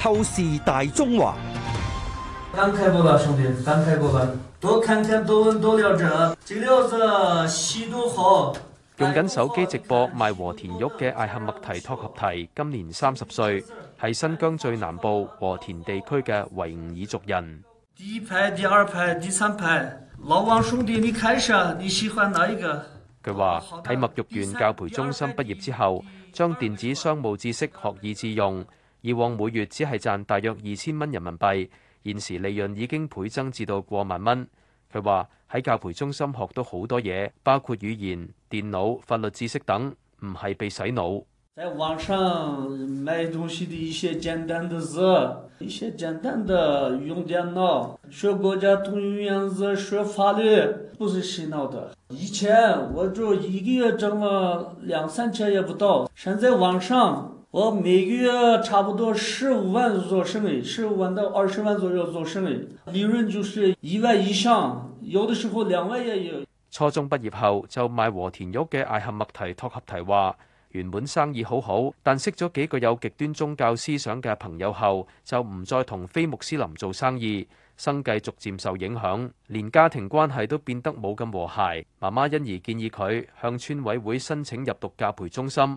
透視大中華，用緊手機直播賣和田玉嘅艾合麥提托合提，今年三十歲，係新疆最南部和田地區嘅維吾爾族人。第一排、第二排、第三排，老王兄弟，你看你喜歡哪一個？佢話喺墨玉縣教培中心畢業之後，將電子商務知識學以致用。以往每月只係賺大約二千蚊人民幣，現時利潤已經倍增至到過萬蚊。佢話喺教培中心學到好多嘢，包括語言、電腦、法律知識等，唔係被洗腦。在網上賣東西的一些簡單的字，一些簡單的用電腦，學國家通用文字，學法律，不是洗腦的。以前我就一個月賺了兩三千也不到，現在網上。我每個月差不多十五萬做生意，十五萬到二十萬左右做生意，利潤就是一萬以上，有的時候兩萬也有。初中畢業後就賣和田玉嘅艾合麥提托合提話，原本生意好好，但識咗幾個有極端宗教思想嘅朋友後，就唔再同非穆斯林做生意，生計逐漸受影響，連家庭關係都變得冇咁和諧。媽媽因而建議佢向村委會申請入讀教培中心。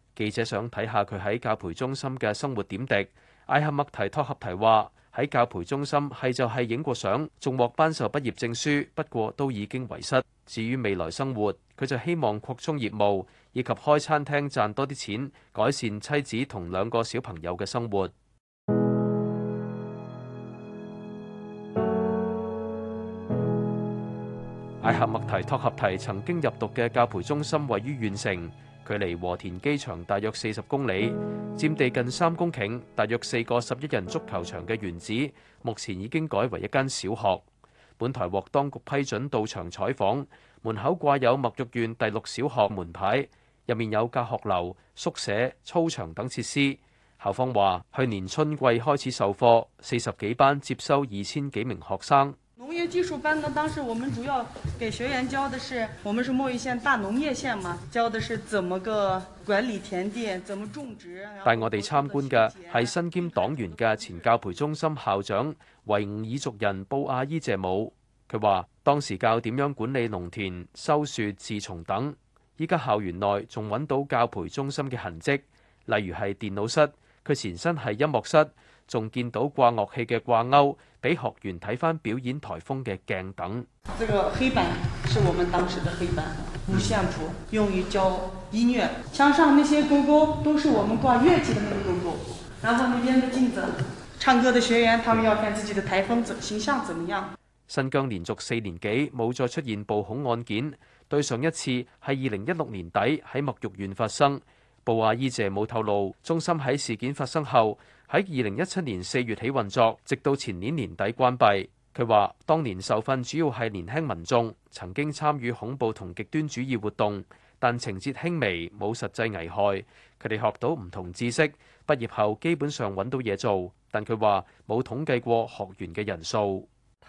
記者想睇下佢喺教培中心嘅生活點滴。艾克麥提托合提話：喺教培中心係就係影過相，仲獲頒授畢業證書，不過都已經遺失。至於未來生活，佢就希望擴充業務，以及開餐廳賺多啲錢，改善妻子同兩個小朋友嘅生活。艾克麥提托合提曾經入讀嘅教培中心位於縣城。距離和田機場大約四十公里，佔地近三公頃，大約四個十一人足球場嘅原址，目前已經改為一間小學。本台獲當局批准到場採訪，門口掛有墨玉縣第六小學門牌，入面有教學樓、宿舍、操場等設施。校方話，去年春季開始授課，四十幾班接收二千幾名學生。農業技術班呢，當時我們主要給學員教的是，我們是墨玉縣大農業縣嘛，教的是怎麼個管理田地，怎麼種植。帶我哋田田參觀嘅係身兼黨員嘅前教培中心校長維吾爾族人布阿伊謝姆，佢話當時教點樣管理農田、修樹、治蟲等。依家校園內仲揾到教培中心嘅痕迹，例如係電腦室，佢前身係音樂室，仲見到掛樂器嘅掛鈎。俾學員睇翻表演台風嘅鏡等。這個黑板是我們當時的黑板，五線譜，用於教音樂。牆上那些勾勾都是我們掛樂器的那個勾勾。然後那邊的鏡子，唱歌的學員，他們要看自己的台風怎，形象怎麼樣。新疆連續四年幾冇再出現暴恐案件，對上一次係二零一六年底喺墨玉縣發生。布阿伊謝冇透露中心喺事件發生後，喺二零一七年四月起運作，直到前年年底關閉。佢話當年受訓主要係年輕民眾曾經參與恐怖同極端主義活動，但情節輕微，冇實際危害。佢哋學到唔同知識，畢業後基本上揾到嘢做。但佢話冇統計過學員嘅人數。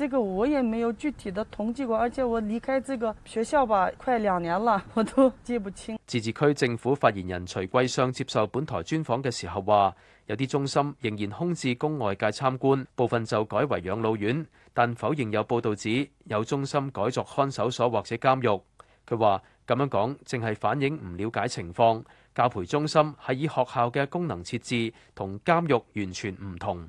這個我也沒有具體的統計過，而且我離開這個學校吧，快兩年了，我都記不清。自治區政府發言人徐貴相接受本台專訪嘅時候話，有啲中心仍然空置供外界參觀，部分就改為養老院，但否認有報道指有中心改作看守所或者監獄。佢話咁樣講，淨係反映唔了解情況。教培中心係以學校嘅功能設置，同監獄完全唔同。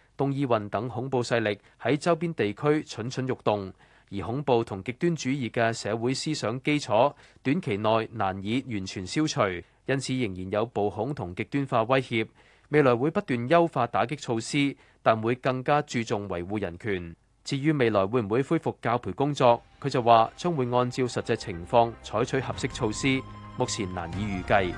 東伊運等恐怖勢力喺周邊地區蠢蠢欲動，而恐怖同極端主義嘅社會思想基礎短期內難以完全消除，因此仍然有暴恐同極端化威脅。未來會不斷優化打擊措施，但會更加注重維護人權。至於未來會唔會恢復教培工作，佢就話將會按照實際情況採取合適措施，目前難以預計。